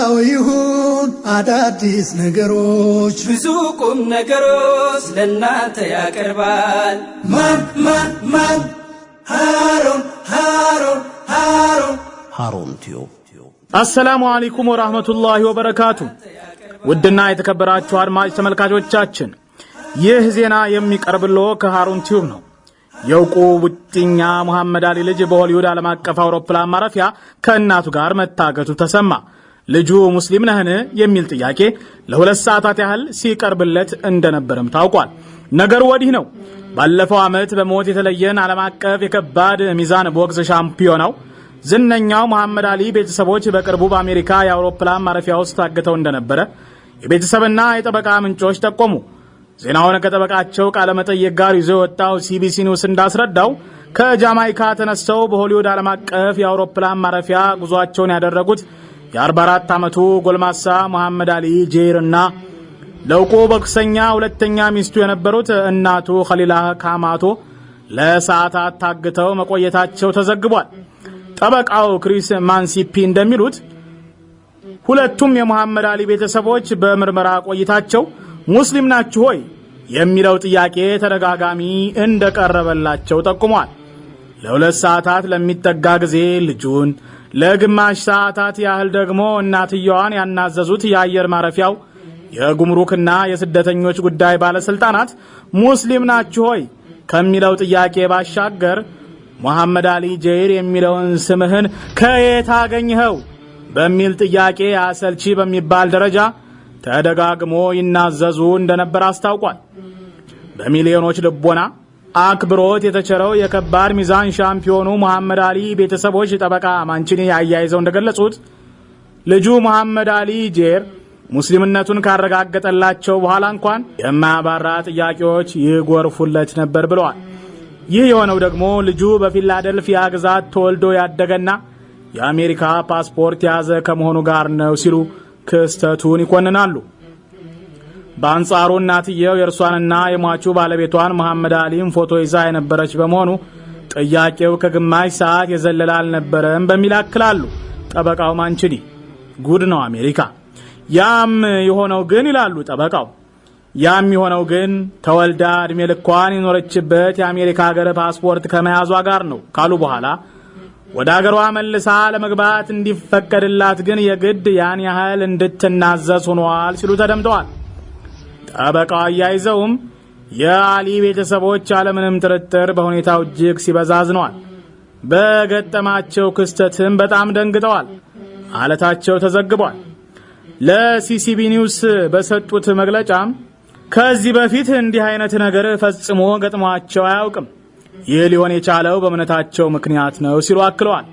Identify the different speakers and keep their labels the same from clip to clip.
Speaker 1: መከራው ይሁን አዳዲስ ነገሮች
Speaker 2: ብዙ ቁም ነገሮች ለእናንተ ያቀርባል።
Speaker 3: ማን ማን ማን ሃሩን ሃሩን ሃሩን
Speaker 4: ሃሩን ቲዩብ።
Speaker 5: አሰላሙ አለይኩም ወራህመቱላሂ ወበረካቱ። ውድና የተከበራችሁ አድማጭ ተመልካቾቻችን ይህ ዜና የሚቀርብሎ ከሃሩን ቲዩብ ነው። የውቁ ውጭኛ ሙሐመድ አሊ ልጅ በሆሊውድ ዓለም አቀፍ አውሮፕላን ማረፊያ ከእናቱ ጋር መታገቱ ተሰማ። ልጁ ሙስሊም ነህን የሚል ጥያቄ ለሁለት ሰዓታት ያህል ሲቀርብለት እንደነበረም ታውቋል። ነገሩ ወዲህ ነው። ባለፈው ዓመት በሞት የተለየን ዓለም አቀፍ የከባድ ሚዛን ቦክስ ሻምፒዮናው ዝነኛው መሐመድ አሊ ቤተሰቦች በቅርቡ በአሜሪካ የአውሮፕላን ማረፊያ ውስጥ ታግተው እንደነበረ የቤተሰብና የጠበቃ ምንጮች ጠቆሙ። ዜናውን ከጠበቃቸው ቃለመጠየቅ ጋር ይዞ የወጣው ሲቢሲ ኒውስ እንዳስረዳው ከጃማይካ ተነስተው በሆሊውድ ዓለም አቀፍ የአውሮፕላን ማረፊያ ጉዟቸውን ያደረጉት የ44 ዓመቱ ጎልማሳ መሐመድ አሊ ጄር እና ለውቁ ቦክሰኛ ሁለተኛ ሚስቱ የነበሩት እናቱ ኸሊላ ካማቶ ለሰዓታት ታግተው መቆየታቸው ተዘግቧል። ጠበቃው ክሪስ ማንሲፒ እንደሚሉት ሁለቱም የመሐመድ አሊ ቤተሰቦች በምርመራ ቆይታቸው ሙስሊም ናችሁ ሆይ የሚለው ጥያቄ ተደጋጋሚ እንደቀረበላቸው ጠቁሟል። ለሁለት ሰዓታት ለሚጠጋ ጊዜ ልጁን ለግማሽ ሰዓታት ያህል ደግሞ እናትየዋን ያናዘዙት የአየር ማረፊያው የጉምሩክና የስደተኞች ጉዳይ ባለስልጣናት ሙስሊም ናችሁ ሆይ ከሚለው ጥያቄ ባሻገር መሐመድ አሊ ጀይር የሚለውን ስምህን ከየት አገኘኸው በሚል ጥያቄ አሰልቺ በሚባል ደረጃ ተደጋግሞ ይናዘዙ እንደነበር አስታውቋል። በሚሊዮኖች ልቦና አክብሮት የተቸረው የከባድ ሚዛን ሻምፒዮኑ መሐመድ አሊ ቤተሰቦች ጠበቃ ማንችኒ አያይዘው እንደገለጹት ልጁ መሐመድ አሊ ጄር ሙስሊምነቱን ካረጋገጠላቸው በኋላ እንኳን የማያባራ ጥያቄዎች ይጎርፉለት ነበር ብለዋል። ይህ የሆነው ደግሞ ልጁ በፊላደልፊያ ግዛት ተወልዶ ያደገና የአሜሪካ ፓስፖርት የያዘ ከመሆኑ ጋር ነው ሲሉ ክስተቱን ይኮንናሉ። በአንጻሩ እናትየው የእርሷንና የሟቹ ባለቤቷን መሐመድ አሊም ፎቶ ይዛ የነበረች በመሆኑ ጥያቄው ከግማሽ ሰዓት የዘለለ አልነበረም በሚል አክላሉ ጠበቃው ማንችዲ። ጉድ ነው አሜሪካ። ያም የሆነው ግን ይላሉ ጠበቃው፣ ያም የሆነው ግን ተወልዳ እድሜ ልኳን የኖረችበት የአሜሪካ ሀገር ፓስፖርት ከመያዟ ጋር ነው ካሉ በኋላ ወደ አገሯ መልሳ ለመግባት እንዲፈቀድላት ግን የግድ ያን ያህል እንድትናዘዝ ሆኗል ሲሉ ተደምጠዋል። ጠበቃው አያይዘውም የአሊ ቤተሰቦች ያለምንም ጥርጥር በሁኔታው እጅግ ሲበዛ አዝነዋል፣ በገጠማቸው ክስተትም በጣም ደንግጠዋል አለታቸው ተዘግቧል። ለሲሲቢ ኒውስ በሰጡት መግለጫም ከዚህ በፊት እንዲህ አይነት ነገር ፈጽሞ ገጥሟቸው አያውቅም፣ ይህ ሊሆን የቻለው በእምነታቸው ምክንያት ነው ሲሉ አክለዋል።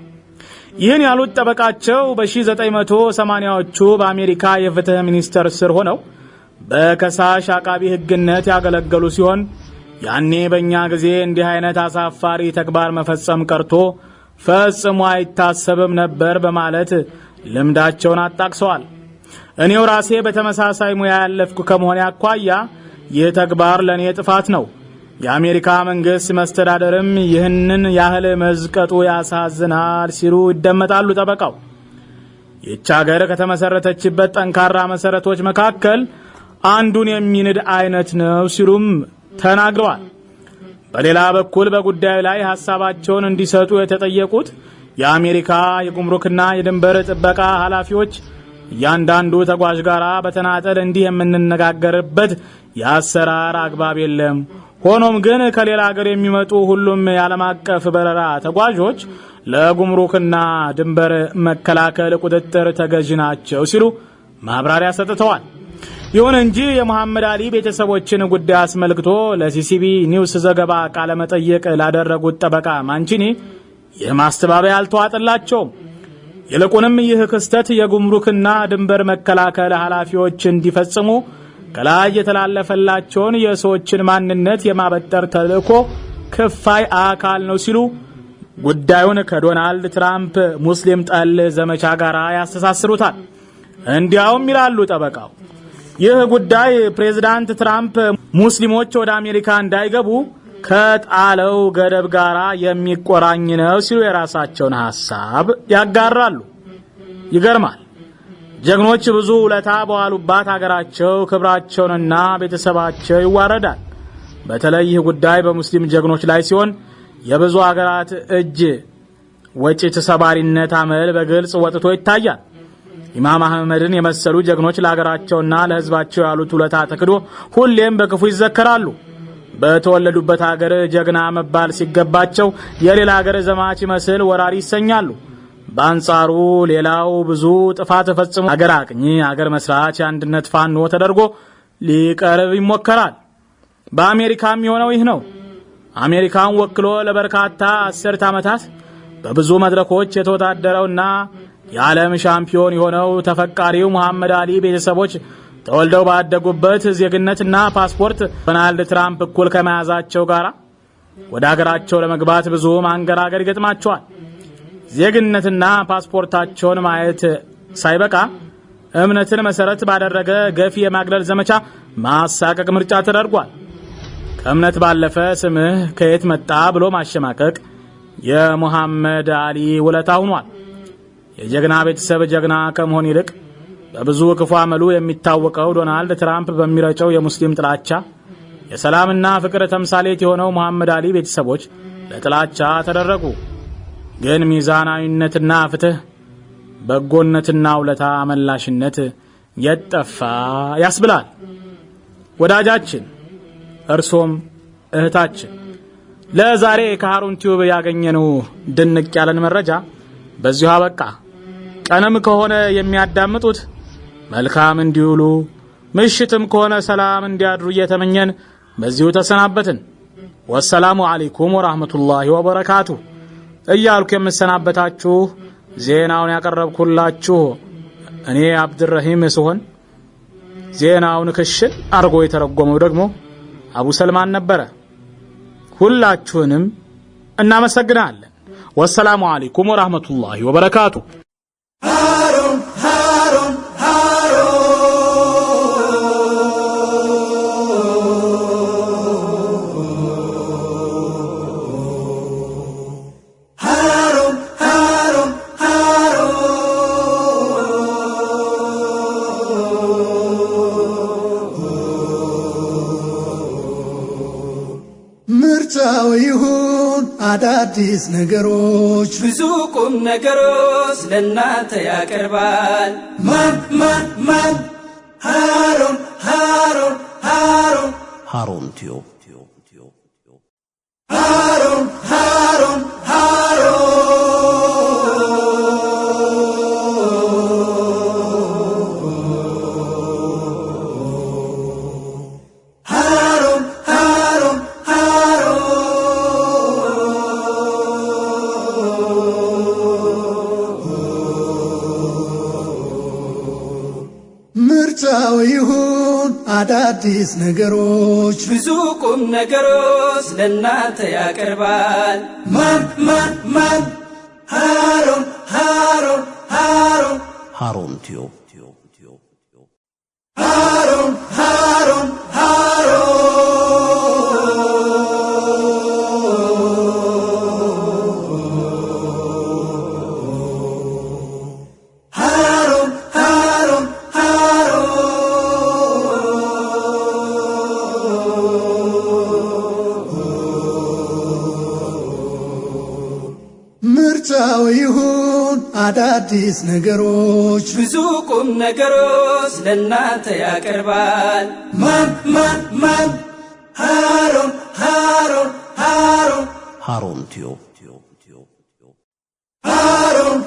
Speaker 5: ይህን ያሉት ጠበቃቸው በ1980ዎቹ በአሜሪካ የፍትህ ሚኒስቴር ስር ሆነው በከሳሽ አቃቢ ሕግነት ያገለገሉ ሲሆን ያኔ በእኛ ጊዜ እንዲህ አይነት አሳፋሪ ተግባር መፈጸም ቀርቶ ፈጽሞ አይታሰብም ነበር በማለት ልምዳቸውን አጣቅሰዋል። እኔው ራሴ በተመሳሳይ ሙያ ያለፍኩ ከመሆን አኳያ ይህ ተግባር ለእኔ ጥፋት ነው። የአሜሪካ መንግሥት መስተዳደርም ይህንን ያህል መዝቀጡ ያሳዝናል ሲሉ ይደመጣሉ ጠበቃው። ይህች አገር ከተመሠረተችበት ጠንካራ መሠረቶች መካከል አንዱን የሚንድ አይነት ነው ሲሉም ተናግረዋል። በሌላ በኩል በጉዳዩ ላይ ሀሳባቸውን እንዲሰጡ የተጠየቁት የአሜሪካ የጉምሩክና የድንበር ጥበቃ ኃላፊዎች እያንዳንዱ ተጓዥ ጋር በተናጠል እንዲህ የምንነጋገርበት የአሰራር አግባብ የለም። ሆኖም ግን ከሌላ ሀገር የሚመጡ ሁሉም የዓለም አቀፍ በረራ ተጓዦች ለጉምሩክና ድንበር መከላከል ቁጥጥር ተገዥ ናቸው ሲሉ ማብራሪያ ሰጥተዋል። ይሁን እንጂ የመሐመድ አሊ ቤተሰቦችን ጉዳይ አስመልክቶ ለሲሲቢ ኒውስ ዘገባ ቃለመጠይቅ ላደረጉት ጠበቃ ማንቺኒ ይህ ማስተባበያ አልተዋጠላቸውም። ይልቁንም ይህ ክስተት የጉምሩክና ድንበር መከላከል ኃላፊዎች እንዲፈጽሙ ከላይ የተላለፈላቸውን የሰዎችን ማንነት የማበጠር ተልዕኮ ክፋይ አካል ነው ሲሉ ጉዳዩን ከዶናልድ ትራምፕ ሙስሊም ጠል ዘመቻ ጋር ያስተሳስሩታል። እንዲያውም ይላሉ ጠበቃው ይህ ጉዳይ ፕሬዝዳንት ትራምፕ ሙስሊሞች ወደ አሜሪካ እንዳይገቡ ከጣለው ገደብ ጋር የሚቆራኝ ነው ሲሉ የራሳቸውን ሀሳብ ያጋራሉ። ይገርማል። ጀግኖች ብዙ ውለታ በዋሉባት አገራቸው ክብራቸውንና ቤተሰባቸው ይዋረዳል። በተለይ ይህ ጉዳይ በሙስሊም ጀግኖች ላይ ሲሆን የብዙ አገራት እጅ ወጪ ተሰባሪነት አመል በግልጽ ወጥቶ ይታያል። ኢማም አህመድን የመሰሉ ጀግኖች ለሀገራቸውና ለህዝባቸው ያሉት ውለታ ተክዶ ሁሌም በክፉ ይዘከራሉ። በተወለዱበት አገር ጀግና መባል ሲገባቸው የሌላ አገር ዘማች ይመስል ወራሪ ይሰኛሉ። በአንጻሩ ሌላው ብዙ ጥፋት ፈጽሞ አገር አቅኚ፣ አገር መስራች፣ የአንድነት ፋኖ ተደርጎ ሊቀርብ ይሞከራል። በአሜሪካም የሆነው ይህ ነው። አሜሪካን ወክሎ ለበርካታ አስርት ዓመታት በብዙ መድረኮች የተወዳደረውና የዓለም ሻምፒዮን የሆነው ተፈቃሪው መሐመድ አሊ ቤተሰቦች ተወልደው ባደጉበት ዜግነትና ፓስፖርት ዶናልድ ትራምፕ እኩል ከመያዛቸው ጋር ወደ አገራቸው ለመግባት ብዙ ማንገራገር ይገጥማቸዋል። ዜግነትና ፓስፖርታቸውን ማየት ሳይበቃ እምነትን መሰረት ባደረገ ገፊ የማግለል ዘመቻ ማሳቀቅ ምርጫ ተደርጓል። ከእምነት ባለፈ ስምህ ከየት መጣ ብሎ ማሸማቀቅ የሙሐመድ አሊ ውለታ ሆኗል። የጀግና ቤተሰብ ጀግና ከመሆን ይልቅ በብዙ ክፉ አመሉ የሚታወቀው ዶናልድ ትራምፕ በሚረጨው የሙስሊም ጥላቻ የሰላምና ፍቅር ተምሳሌት የሆነው መሐመድ አሊ ቤተሰቦች ለጥላቻ ተደረጉ። ግን ሚዛናዊነትና ፍትህ፣ በጎነትና ውለታ አመላሽነት የጠፋ ያስብላል። ወዳጃችን እርሶም እህታችን ለዛሬ ከሃሩን ቲዩብ ያገኘነው ድንቅ ያለን መረጃ በዚሁ አበቃ። ቀንም ከሆነ የሚያዳምጡት መልካም እንዲውሉ ምሽትም ከሆነ ሰላም እንዲያድሩ እየተመኘን በዚሁ ተሰናበትን። ወሰላሙ አለይኩም ወራህመቱላሂ ወበረካቱ እያልኩ የምሰናበታችሁ ዜናውን ያቀረብኩላችሁ እኔ አብድረሂም ስሆን ዜናውን ክሽን አድርጎ የተረጎመው ደግሞ አቡ ሰልማን ነበረ። ሁላችሁንም እናመሰግናለን። ወሰላሙ አለይኩም ወራህመቱላሂ ወበረካቱ
Speaker 1: አዳዲስ ነገሮች
Speaker 2: ብዙ ቁም ነገሮች ለእናንተ ያቀርባል።
Speaker 3: ማን ማን ማን ሃሩን ሃሩን ሃሩን
Speaker 4: ሃሩን ቲዩብ
Speaker 3: ሃሩን ሃሩን ሃሩን
Speaker 1: አዳዲስ ነገሮች
Speaker 2: ብዙ ቁም ነገሮች ለእናንተ ያቀርባል።
Speaker 3: ማን ማን ማን ሃሩን ሃሩን ሃሩን
Speaker 4: ሃሩን ቲዩብ
Speaker 3: ሃሩን ሃሩን ሃሩን
Speaker 1: መጣው ይሁን አዳዲስ
Speaker 2: ነገሮች ብዙ ቁም ነገሮች ለእናንተ ያቀርባል።
Speaker 3: ማን ማን ማን ሃሮን ሃሮን
Speaker 4: ሃሮን ሃሩን
Speaker 3: ሃሮን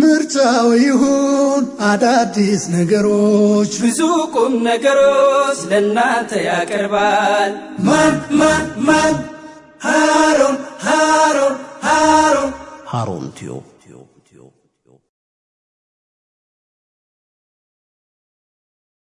Speaker 1: ምርጫው ይሁን አዳዲስ
Speaker 2: ነገሮች ብዙ ቁም ነገሮች ለእናንተ
Speaker 3: ያቀርባል። ማን ማን ማን ሃሮን ሃሮን
Speaker 4: ሃሮን ሃሮን ቲዩብ